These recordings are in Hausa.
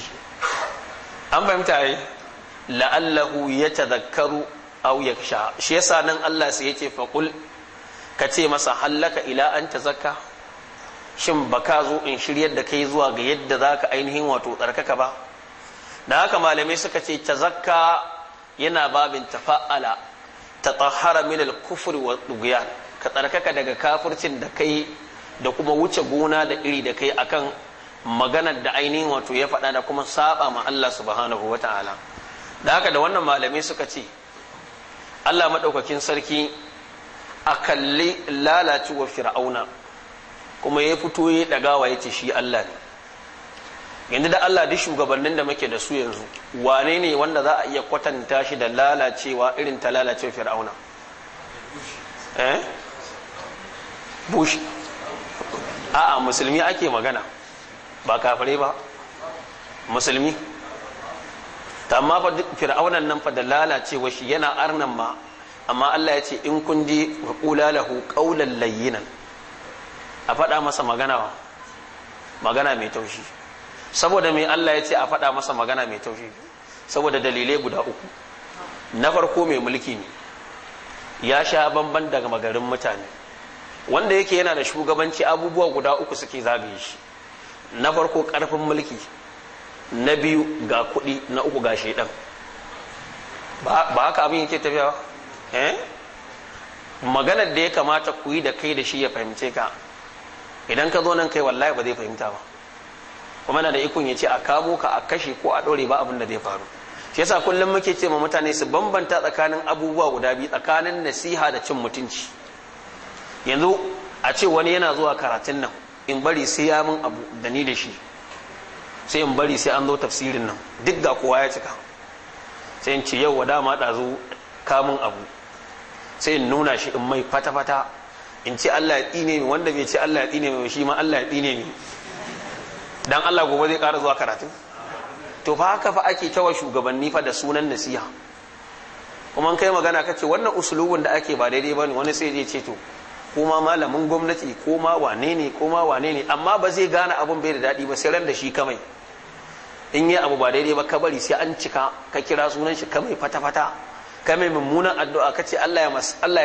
shi an fahimta yi la'allahu ya tazakkaru aw sha shi yasa nan Allah sai yace faqul ka ce masa hallaka ila an tazakka shin baka zo in shiryar da kai zuwa ga yadda zaka ainihin wato tsarkaka ba da haka malamai suka ce tazakka yana babin tafa'ala tatahhara min al-kufr wa ka tsarkaka daga kafircin da kai da kuma wuce gona da iri da kai akan maganar da ainihin wato ya faɗa da kuma saba ma Allah subhanahu wa ta'ala da haka da wannan malamai suka ce Allah maɗaukakin sarki a kalli lalacewa fir'auna kuma ya fito ya ɗagawa ya ce shi Allah ne yanzu da Allah duk shugabannin da muke da su yanzu wane ne wanda za a iya kwatanta shi da lalacewa irin ta lalacewa fir'auna eh bush a'a musulmi ake magana ba kafare ba musulmi Ta amma fa fir'aunan nan fa da lalacewa shi yana arnan ma amma Allah ya ce in kun ji wa qula qaulan layyinan a faɗa masa magana wa magana mai taushi saboda mai Allah ya ce a faɗa masa magana mai taushi saboda dalilai guda uku na farko mai mulki ne ya sha bamban daga magarin mutane wanda yake yana da shugabanci abubuwa guda uku suke zagaye shi na farko karfin mulki na biyu ga kuɗi na uku ga shaidan ba haka abin yake tafiya eh maganar da ya kamata ku yi da kai da shi ya fahimce ka idan ka zo nan kai wallahi ba zai fahimta ba kuma na da ikon ya ce a kamo ka a kashe ko a ɗore ba abin da zai faru shi yasa kullum muke ce ma mutane su bambanta tsakanin abubuwa guda biyu tsakanin nasiha da cin mutunci yanzu a ce wani yana zuwa karatun nan in bari sai ya min abu da ni da shi sai in bari sai an zo tafsirin nan duk da kowa ya cika sai in ce yau dama zo kamun abu sai in nuna shi in mai fata-fata in ce Allah ya tsine mi wanda bai ce Allah ya tsine mi shi ma Allah ya tsine mi dan Allah gobe zai ƙara zuwa karatun to fa haka fa ake tawa shugabanni fa da sunan nasiha kuma kai magana kace wannan usulubin da ake ba daidai bane wani sai ya ce to ko ma malamin gwamnati ko ma wane ne ko ma wane ne amma ba zai gane abun bai da daɗi ba sai ran da shi kamai in yi abu ba daidai ba ka bari sai an cika ka kira sunan shi kamai fata-fata kamai mummunan addu'a ka ce Allah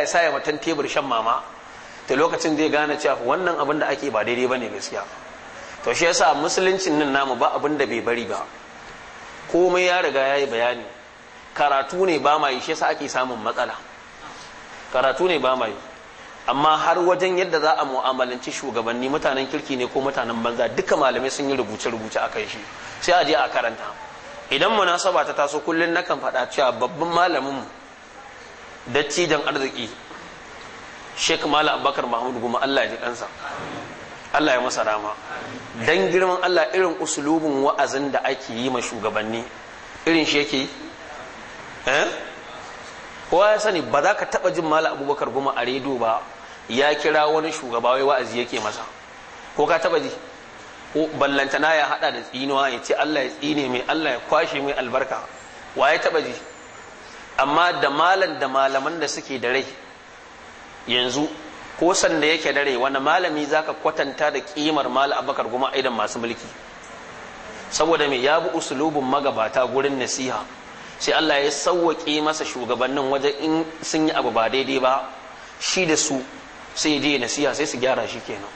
ya sa ya matan tebur shan mama ta lokacin zai gane cewa wannan abin da ake ba daidai bane gaskiya to shi yasa musuluncin nan namu ba abin da bai bari ba komai ya riga ya yi bayani karatu ne ba ma yi shi yasa ake samun matsala karatu ne ba ma yi amma har wajen yadda za a mu'amalanci shugabanni mutanen kirki ne ko mutanen banza duka malamai sun yi rubuce-rubuce a kan shi sai a je a karanta idan munasaba ta taso kullum nakan faɗa cewa babban malamin mu dattijan arziki Sheikh Malam Abubakar Mahmud Guma Allah ya ji kansa Allah ya masa rama dan girman Allah irin usulubin wa'azin da ake yi ma shugabanni irin shi yake eh? kowa ya sani ba za ka taba jin malam abubakar goma a rediyo ba ya kira wani shugaba wai wa'azi yake masa ko ka taba ji ko ballantana ya hada da tsinuwa ya ce Allah ya tsine mai Allah ya kwashe mai albarka wa ya taba ji amma da malan da malaman da suke da rai yanzu ko sanda yake da rai wani malami zaka kwatanta da kimar mal abakar kuma aidan masu mulki saboda me ya bi usulubin magabata gurin nasiha sai Allah ya sauwaƙe masa shugabannin wajen in sun yi abu ba daidai ba shi da su sai je siya sai su gyara shi kenan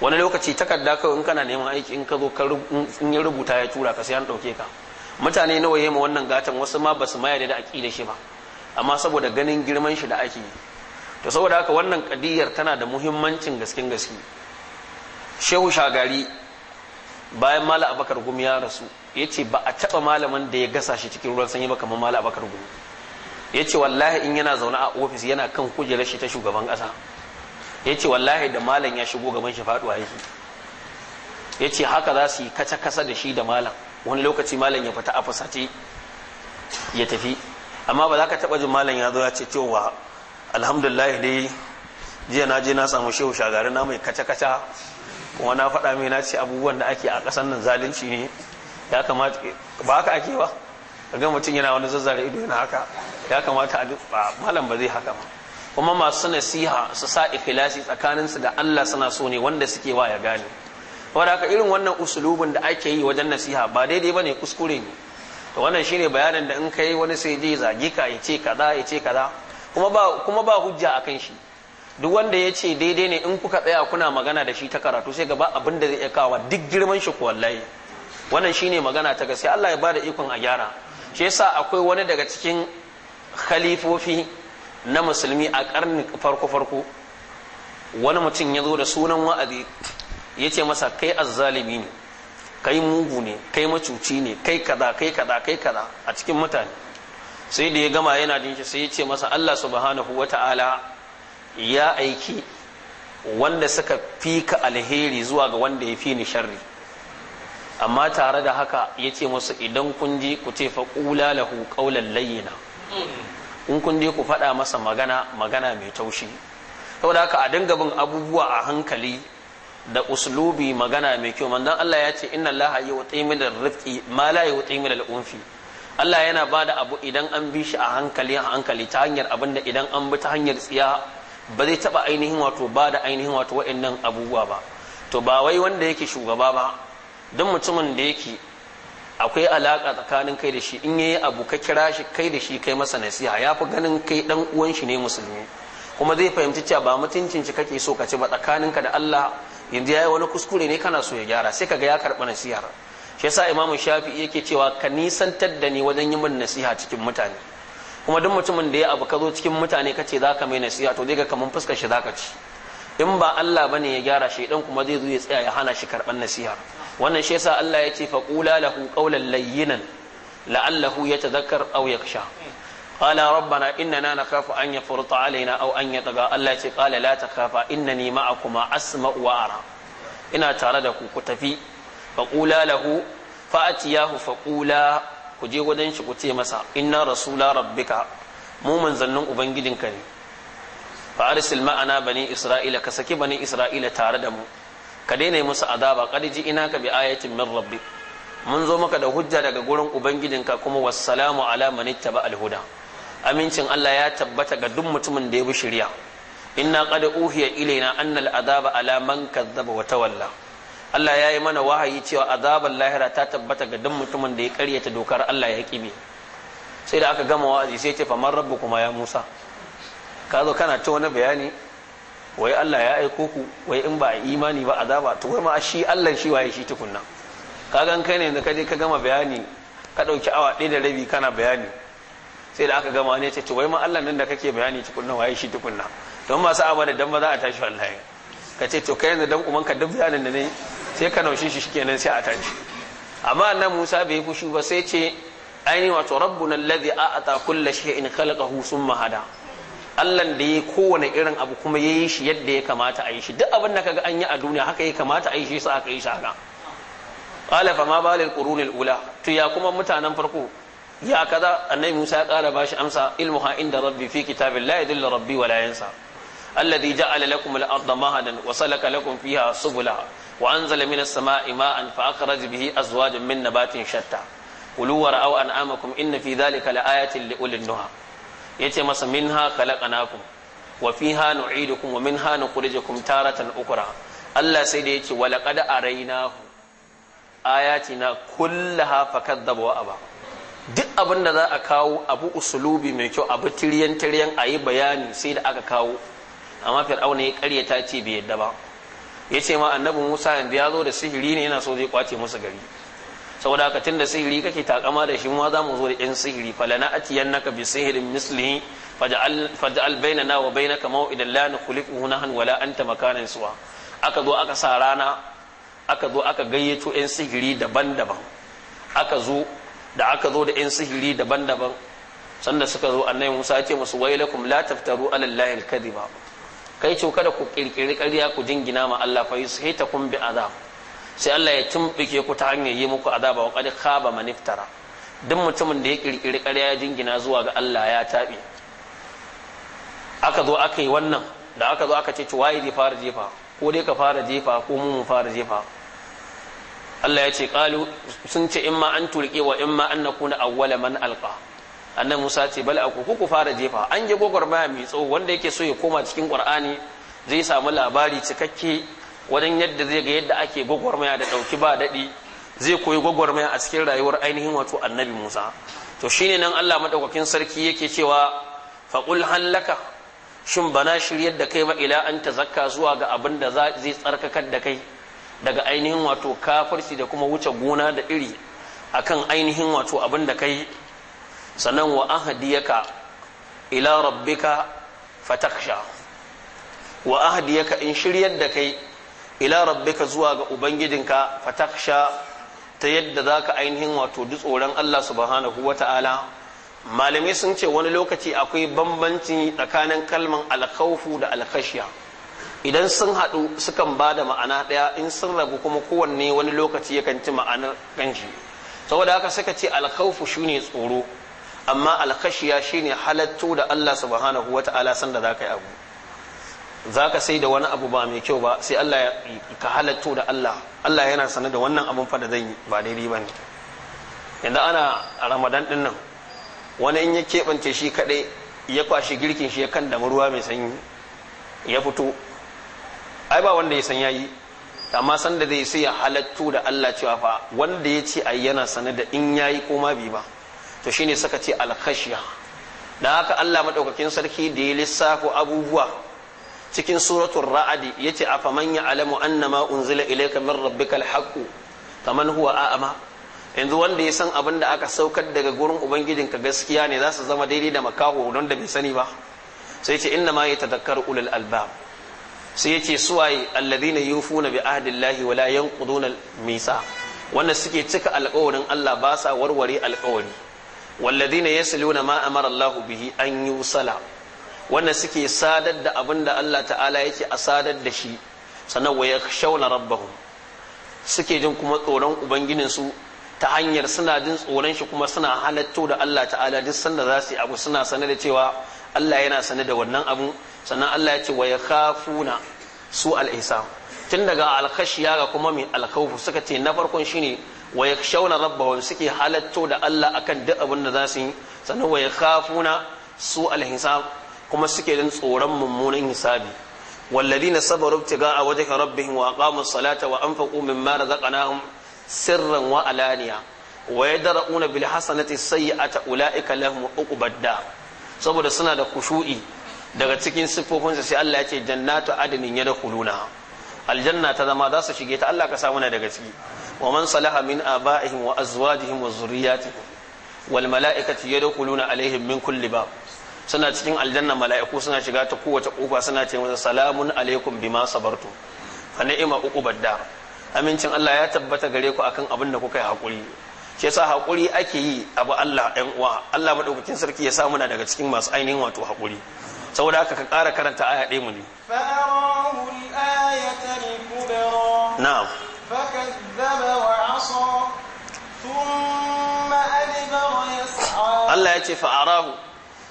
wani lokaci takarda kawai in kana neman aiki in ka zo in ya rubuta ya tura ka sai an dauke ka mutane nawa yema wannan gatan wasu ma ba su mayar da da shi ba amma saboda ganin girman shi da ake yi to saboda haka wannan kadiyar tana da muhimmancin gaskin gaske shehu shagari bayan mala abakar gumi ya rasu ya ce ba a taɓa malamin da ya gasa shi cikin ruwan sanyi ba kamar mala abakar gumi ya ce wallahi in yana zaune a ofis yana kan kujerar shi ta shugaban ƙasa ya ce wallahi da malam ya shigo gaban shi a yake ya ce haka za su yi kaca kasa da shi da malam wani lokaci malam ya fita a fusace ya tafi amma ba za ka taɓa jin malam ya zo ya ce cewa alhamdulillah dai jiya na je na samu shehu shagari na mai kaca kaca kuma na faɗa mai na ce abubuwan da ake a ƙasar nan zalunci ne ya kamata ba haka ake ba ga mutum yana wani zazzare ido yana haka ya kamata a malam ba zai haka ba kuma masu nasiha su sa ikhlasi su da Allah suna so ne wanda suke wa ya gane wadaka haka irin wannan usulubin da ake yi wajen nasiha ba daidai bane kuskure ne to wannan shine bayanin da in kai wani sai je zage ka ya ce kaza ya ce kaza kuma ba kuma ba hujja akan shi duk wanda ya ce daidai ne in kuka tsaya kuna magana da shi ta karatu sai gaba abin da zai iya kawo duk girman shi ku wallahi wannan shine magana ta gaskiya Allah ya bada ikon a gyara shi yasa akwai wani daga cikin khalifofi na musulmi a karni farko farko wani mutum ya zo da sunan wa'azi ya ce masa kai azzalimi ne kai mugu ne kai macuci ne kai kaza kai kaza kai kaza a cikin mutane sai da ya gama yana jin shi sai ya ce masa Allah subhanahu wata'ala ya aiki wanda suka fi ka alheri zuwa ga wanda ya fi ni sharri amma tare da haka ya ce masa, idan kun je ku ce faƙula lahu ƙaular layyina in kun je ku faɗa masa magana magana mai taushi saboda haka a dinga bin abubuwa a hankali da uslubi magana mai kyau manzon Allah ya ce inna Allah ya wuti min rizqi ma la yuti min al-unfi Allah yana bada abu idan an bi shi a hankali a hankali ta hanyar abinda idan an bi ta hanyar tsiya ba zai taba ainihin wato ba da ainihin wato wa'annan abubuwa ba to ba wai wanda yake shugaba ba don mutumin da yake akwai alaka tsakanin kai da shi in yayi abu ka kira shi kai da shi kai masa nasiha ya fi ganin kai dan uwan shi ne musulmi kuma zai fahimci cewa ba mutuncin shi kake so ka ci ba tsakanin ka da Allah yanzu yayi wani kuskure ne kana so ya gyara sai kaga ya karba nasiha. shi yasa Imam Shafi'i yake cewa ka nisantar da ni wajen yi min nasiha cikin mutane kuma duk mutumin da ya abu ka zo cikin mutane kace zaka mai nasiha to zai ga kaman fuskar shi zaka ci in ba Allah bane ya gyara shi dan kuma zai zo ya tsaya ya hana shi karban nasiha wannan shi yasa Allah ya ce faqula lahu qawlan layyinan la'allahu yatadhakkar aw sha. qala rabbana na nakhafu an furta alaina au an yataga Allah ya ce ƙala la takhafa innani kuma asma'u wa ara ina tare da ku ku tafi faqula lahu fa'atiyahu faqula ku je wajen shi ku ce masa inna rasula rabbika mu manzannin ubangijinka ne fa arsil ma'ana bani isra'ila ka saki bani isra'ila tare da mu ka daina musu azaba ina ka bi ayatin min rabbi mun zo maka da hujja daga gurin ubangijinka kuma wassalamu ala man ittaba alhuda amincin Allah ya tabbata ga duk mutumin da ya bi shari'a inna qad uhiya ilaina anna al'adaba ala man kazzaba wa tawalla Allah ya yi mana wahayi cewa azabar lahira ta tabbata ga duk mutumin da ya karyata dokar Allah ya kibi sai da aka gama wa'azi sai ce fa man rabbu kuma ya Musa ka zo kana ta wani bayani wai Allah ya aiko ku wai in ba a imani ba azaba to wai ma shi Allah shi waye shi tukunna ka gan kai ne da kaje ka gama bayani ka dauki awa ɗaya da rabi kana bayani sai da aka gama ne ce to wai ma Allah nan da kake bayani tukunna waye shi tukunna don masu abu da dan ba za a tashi wallahi ka ce to kai yanzu dan uman ka duk bayanin da ne sai ka naushe shi shikenan sai a tashi amma annabi Musa bai fushi ba sai ce aini wato rabbuna allazi a'ata kulli shay'in khalaqahu summa hada Allahn da ya kowane irin abu kuma ya yi shi yadda ya kamata a yi shi duk abin da kaga an yi a duniya haka ya kamata a yi shi sa aka yi shi haka qala fa ma balil qurunil ula to ya kuma mutanen farko ya kaza annabi Musa ya kara bashi amsa ilmuha inda rabbi fi kitabin la yadilla rabbi wa la yansa alladhi ja'ala lakum al-ardha mahadan wa salaka lakum fiha subula wa anzala minas sama'i ma'an fa akhraj bihi azwajan min nabatin shatta kulu wa ra'aw an'amakum inna fi dhalika la'ayatin li ulil nuha yace masa min minha khalaqnakum wa fiha nu'idukum wa minha nukhrijukum taratan ukra Allah sai da yace wa laqad arainahu na kullaha fakadzaba wa aba duk abin da za a kawo abu usulubi mai kyau abu tiryan tiryan a bayani sai da aka kawo amma fir'auna ya ta ce bai yadda ba yace ma annabi musa yanzu ya zo da sihiri ne yana so zai kwace musu gari saboda haka tunda sihiri kake takama da shi ma za mu zo da yan sihiri falana naka bi sihirin mislihi faj'al bainana wa bainaka maw'idan la nukhliquhu nahan wala anta makanan suwa aka zo aka sa rana aka zo aka gayyato yan sihiri daban-daban aka zo da aka zo da yan sihiri daban-daban sanda suka zo annabi Musa ya ce musu wailakum la taftaru ala allahi al-kadhiba kai ce kada ku kirkiri ƙarya ku jingina ma Allah fa yusahita kun bi azab sai Allah ya tumbike ku ta hanyar yi muku azaba wa qad khaba man iftara duk mutumin da ya kirkiri ƙarya ya jingina zuwa ga Allah ya tabe aka zo aka yi wannan da aka zo aka ce ci waye zai fara jefa ko dai ka fara jefa ko mu fara jefa Allah ya ce qalu sun ce imma an turke wa imma an nakuna awwala man alqa annabi Musa ce bal aku ku ku fara jefa an je gogor baya mai tsawo wanda yake so ya koma cikin Qur'ani zai samu labari cikakke wajen yadda zai ga yadda ake gwagwarmaya da ɗauki ba daɗi zai koyi gwagwarmaya a cikin rayuwar ainihin wato annabi musa to shine nan allah maɗaukakin sarki yake cewa faƙul hallaka shin bana shiryar da kai ba ila an ta zakka zuwa ga abin da zai tsarkakar da kai daga ainihin wato kafirci da kuma wuce gona da iri akan ainihin wato abin da kai sannan wa ahdiyaka ila rabbika fataksha wa ahdiyaka in shiryar da kai ila rabbika zuwa ga ubangijinka fataksha ta yadda za ka ainihin wato duk tsoron Allah subhanahu wata'ala malamai sun ce wani lokaci akwai bambanci tsakanin kalman alkhawfu da alkhashiya idan sun haɗu sukan ba da ma'ana ɗaya in sun rabu kuma kowanne wani lokaci yakan ci ma'anar ganji saboda haka suka ce alkhawfu shine tsoro amma alkhashiya shine halatto da Allah subhanahu wata'ala sanda ka yi abu za ka sai da wani abu ba mai kyau ba sai Allah ka halatto da Allah Allah yana sanar da wannan abun fa da zan yi ba daidai ba ne yanzu ana a ramadan din nan wani in ya keɓance shi kaɗai ya kwashi girkin shi ya kan da ruwa mai sanyi ya fito ai ba wanda ya san yayi amma san da zai sai ya halatto da Allah cewa fa wanda ya ce ai yana sanar da in yayi ko ma bi ba to shine suka ce alkhashiya da haka Allah madaukakin sarki da ya lissafo abubuwa cikin suratul ra'adi yace afa man ya'lamu annama unzila ilayka min rabbikal haqqu kaman huwa a'ama yanzu wanda ya san abin da aka saukar daga gurin ka gaskiya ne za su zama daidai da makaho don da bai sani ba sai ce inna ma yatadhakkaru ulul albab sai yace suwaye alladhina yufuna bi ahdillahi wa la yanquduna al-misa wanda suke cika alkawarin Allah ba sa warware alkawari walladhina yasluna ma amara Allahu bihi an yusala wanda suke sadar da abin da Allah ta'ala yake a sadar da shi sannan wa shauna rabbahu suke jin kuma tsoron ubangijin su ta hanyar suna jin tsoron shi kuma suna halatto da Allah ta'ala duk sanda za su yi abu suna sanar da cewa Allah yana sanar da wannan abu sannan Allah ya ce wa khafuna su al-ihsan tun daga al-khashiya ga kuma min al-khawf suka ce na farkon shine wa shauna rabbahu suke halatto da Allah akan duk abin da za su yi sannan wa khafuna su al-hisab kuma suke jin tsoron mummunan hisabi a ka والذين صبروا ابتغاء وجه ربهم واقاموا الصلاه وانفقوا مما رزقناهم سرا وعلانيه ويدرؤون بالحسنه السيئه اولئك لهم uku badda. saboda suna da kushu'i daga cikin siffofinsa sai Allah ya ce jannatu adnin yadkhuluna aljanna ta zama za su shige ta Allah ka samu na daga ciki wa man salaha min abaihim wa azwajihim wa zurriyyatihim wal mala'ikatu yadkhuluna alaihim min kulli bab suna cikin aljanna mala'iku suna shiga ta kowace kofa suna ce masa salamun alaikum bima sabartu fa ni'ma uqubad dar amincin Allah ya tabbata gare ku akan abin da kuka yi hakuri shi yasa hakuri ake yi abu Allah ɗan uwa Allah madaukakin sarki ya samu na daga cikin masu ainihin wato hakuri saboda haka ka ƙara karanta aya ɗaya mu ne na'am Allah ya ce fa'arahu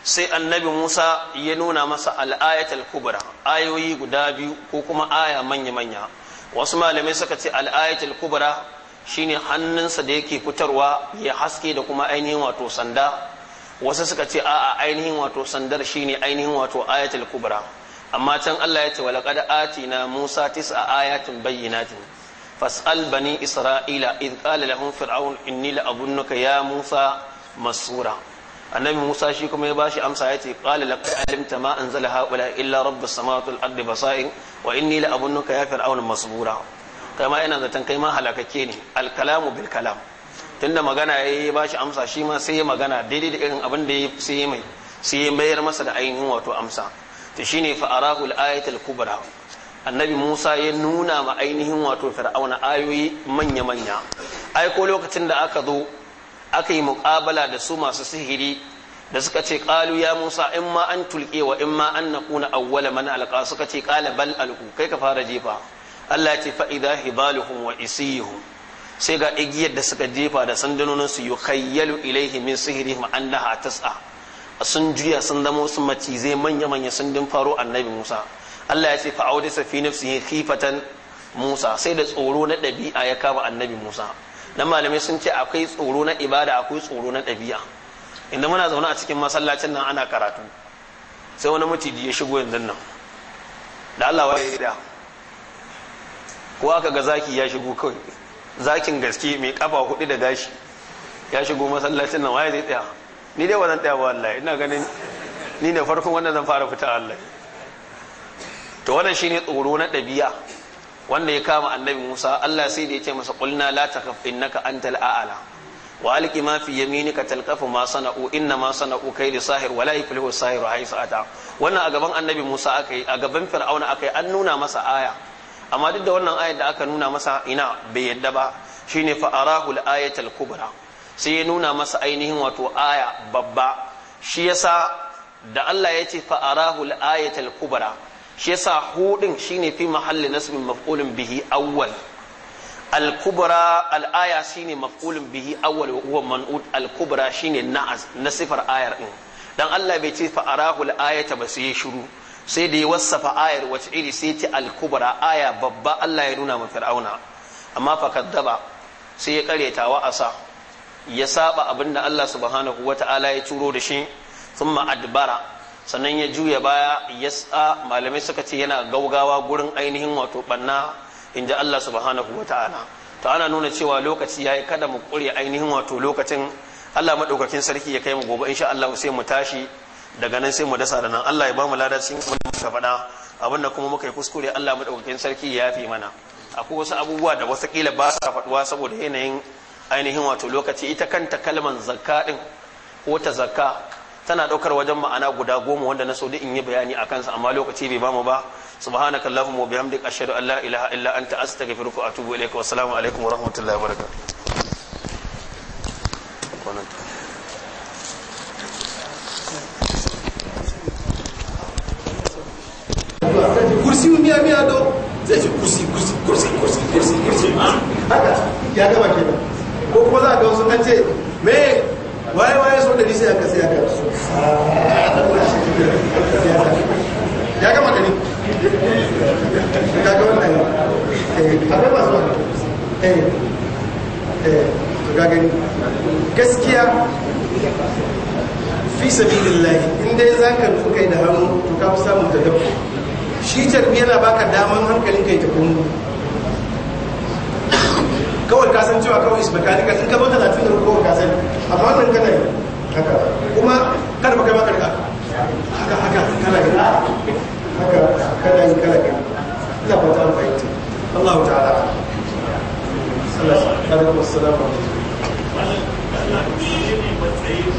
sai annabi Musa ya nuna masa al'ayatul kubra ayoyi guda biyu ko kuma aya manya-manya wasu malamai suka ce al'ayatul kubra shine hannunsa da yake fitarwa ya haske da kuma ainihin wato sanda wasu suka ce a'a ainihin wato sandar shine ainihin wato ayatul kubra amma can Allah ya ce walaqad atina Musa tis'a ayatin bayyinatin fas'al bani isra'ila id qala lahum fir'aun inni ya Musa masura annabi Musa shi kuma ya bashi amsa ya ce qala laqad alimta ma anzala haula illa rabbus samawati wal ardi basa'in wa inni la abunnuka ya fir'aun masbura kai ma yana zaton kai ma halakakke ne al kalamu bil kalam tunda magana ya bashi amsa shi ma sai ya magana daidai da irin abin da ya sai ya mai sai ya bayar masa da ainihin wato amsa to shine fa arahu al al kubra annabi Musa ya nuna ma ainihin wato fir'auna ayoyi manya manya ai ko lokacin da aka zo aka yi muƙabala da su masu sihiri da suka ce ƙalu ya musa in ma an tulke wa in ma an naƙuna awwala mana alƙa suka ce ƙala bal alƙu kai ka fara jefa Allah ce fa'ida hibaluhum wa isihum sai ga igiyar da suka jefa da sandanonin su yukhayyalu ilaihi min sihirihim annaha tas'a sun juya sun zama su macizai manya manya sun din faro annabi Musa Allah ya ce fa'audisa fi nafsihi khifatan Musa sai da tsoro na ɗabi'a ya kama annabi Musa dan malamai sun ce akwai tsoro na ibada akwai tsoro na ɗabi'a inda muna zaune a cikin masallacin nan ana karatu sai wani maciji ya shigo yanzu nan da Allah wa ya ko aka ga zaki ya shigo kawai zakin gaske mai kafa hudu da gashi ya shigo masallacin nan waye zai tsaya ni dai wannan tsaya ba wallahi ina ganin ni ne farkon wannan zan fara fita Allah to wannan shine tsoro na ɗabi'a wanda ya kama annabi Musa Allah sai da ya ce masa qulna la takhaf innaka antal a'la wa alqi ma fi yaminika talqafu ma sana'u inna ma sana'u kayli sahir wa la yuflihu sahiru haythu wannan a gaban annabi Musa akai a gaban Fir'auna akai an nuna masa aya amma duk da wannan ayar da aka nuna masa ina bai yadda ba shine fa arahu al kubra sai ya nuna masa ainihin wato aya babba shi yasa da Allah ya ce fa arahu al kubra shi yasa hudin shine fi mahalli nasbin maf'ulun bihi awwal al-kubra al-aya shine maf'ulun bihi awwal wa huwa man'ut al-kubra shine nasifar na sifar ayar din dan Allah bai ce fa arahul ayata ba sai shiru sai da ya wasafa ayar wace iri sai ta al-kubra aya babba Allah ya nuna ma fir'auna amma fa sai ya kareta wa asa ya saba abinda Allah subhanahu wata'ala ya turo da shi thumma adbara sannan ya juya baya ya sa malamai suka ce yana gaugawa gurin ainihin wato banna in ji Allah subhanahu wa ta'ala to ana nuna cewa lokaci ya yi kada mu kure ainihin wato lokacin Allah maɗaukakin sarki ya kai mu gobe insha Allah sai mu tashi daga nan sai mu dasa da nan Allah ya ba mu lada kuma abin muka faɗa abinda kuma muka yi kuskure Allah maɗaukakin sarki ya fi mana akwai wasu abubuwa da wasu kila ba sa faɗuwa saboda yanayin ainihin wato lokaci ita kanta kalman zakka ɗin ko ta zakka tana ɗaukar wajen ma'ana guda goma wanda na so in yi bayani a kansa amma lokaci bai bamu ba subhanaka allahumma wa bihamdika ashhadu an la ilaha illa anta astaghfiruka wa atubu ilaika wa assalamu alaikum wa rahmatullahi wa barakatuh kursi ya gaba ko kuma za ga wasu an waye waye so da sai aka sai aka ya ni. gani kaga eh, wannan eh abai ba so eh eh ga gani gaskiya fi sabilillah in dai zaka rufe kai da hannu to ka fi samun tadabbur shi tarbiya yana baka daman hankalinka ya kuma. kawai ka san cewa kawai is mechanical in ka zo talatin da kawai ka sani amma wannan kana yi haka kuma kada ba kai ma karka haka haka kana yi haka kana yi kana yi ina ta Allah ta'ala sallallahu alaihi wasallam matsayin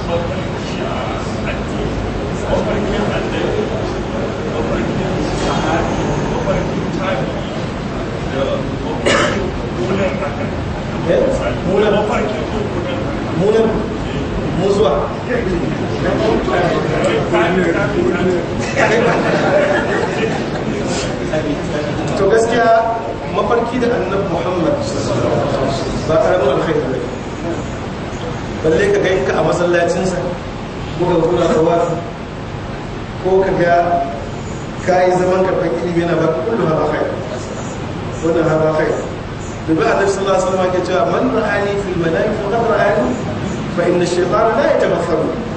فإن الشيطان لا يتغفر yatabassaru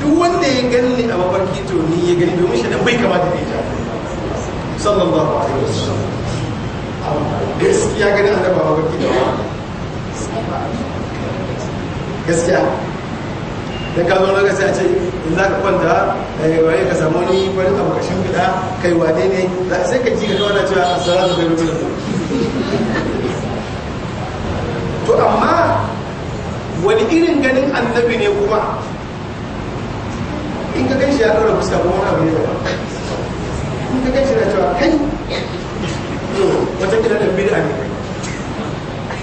duk wanda ya ganni a mafarki to ya gani domin shi dan bai kamata da ita sallallahu alaihi wasallam gaskiya ganin annabi ba da wani gaskiya da ka zo lokaci a ce in za ka kwanta eh, waye ka samu ni farin abu ka shimfiɗa kai wane ne sai ka ji ka cewa a sara da bai amma wani irin ganin annabi ne kuma in ka gan shi ya ɗora fuska kuma wani abu ne ba in ka gan shi na cewa kai to wata kila da bid'a ne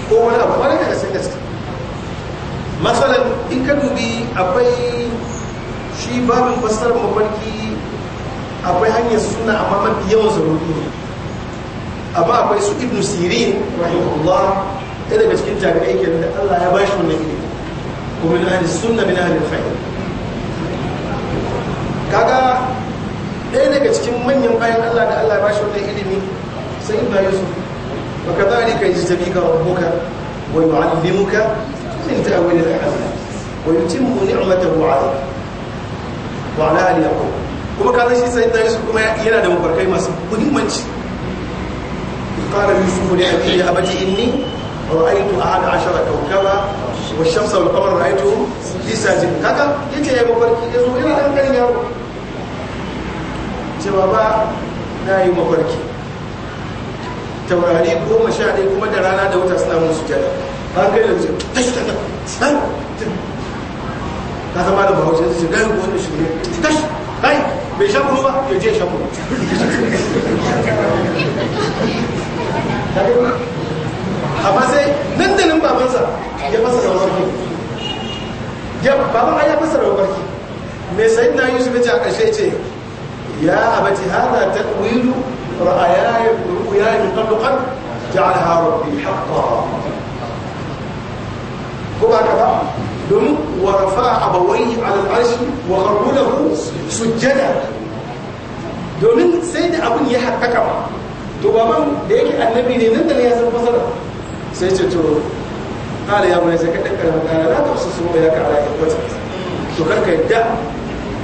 ko wani abu wani daga sun gaske masalan in ka dubi akwai shi babin fassarar mafarki akwai hanyar suna amma mafi yawan zaruri ne amma akwai su ibnu sirin rahimahullah ɗaya daga cikin jami'ai kenan da Allah ya bashi wannan ne ومن أهل السنة من أهل الخير كذا ɗaya daga cikin manyan bayan Allah da Allah ya bashi wannan ilimi sai ibn Yusuf wa kadhalika yajtabika rabbuka wa yu'allimuka min ta'wil al-ahadith wa yutimmu ni'matahu 'alayka wa 'ala ali yaqub kuma kaza shi sai ibn Yusuf kuma yana da mafarkai masu muhimmanci qala yusuf li abihi abati inni ra'aytu ahad 'ashara kawkaba wa shamsa wal qamara ra'aytuhum fi sajid kaga yace ya mafarki ya zo ina dan garin yaro ce baba na yi mafarki taurari goma sha kuma da rana da wata suna mun sujada an gani da wuce tashi ta tashi ka zama da bahaushe su ce gani ko wani shirye tashi bai sai nan da nan babansa ya fasa baban ayya ya fassara mafarki me sai na yusuf ya ce ce ya abati hada ta'wilu ra'ayaya ru'ya min qabl qad ja'alaha rabbi haqqa ko ba ka ba dum wa rafa'a abawayhi 'ala al-'arshi wa qarru lahu sujjada domin sai da abun ya haƙƙaƙa to baban da yake annabi ne nan da ya san fasara sai ce to ya mai sai ka ɗinka da ya ta wasu su ya ka ɗaya ko ta su kar ka yadda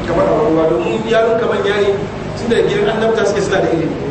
kamar a wani wadannan yarin kamar yari tun da yankin an lamta suke suna da ilimi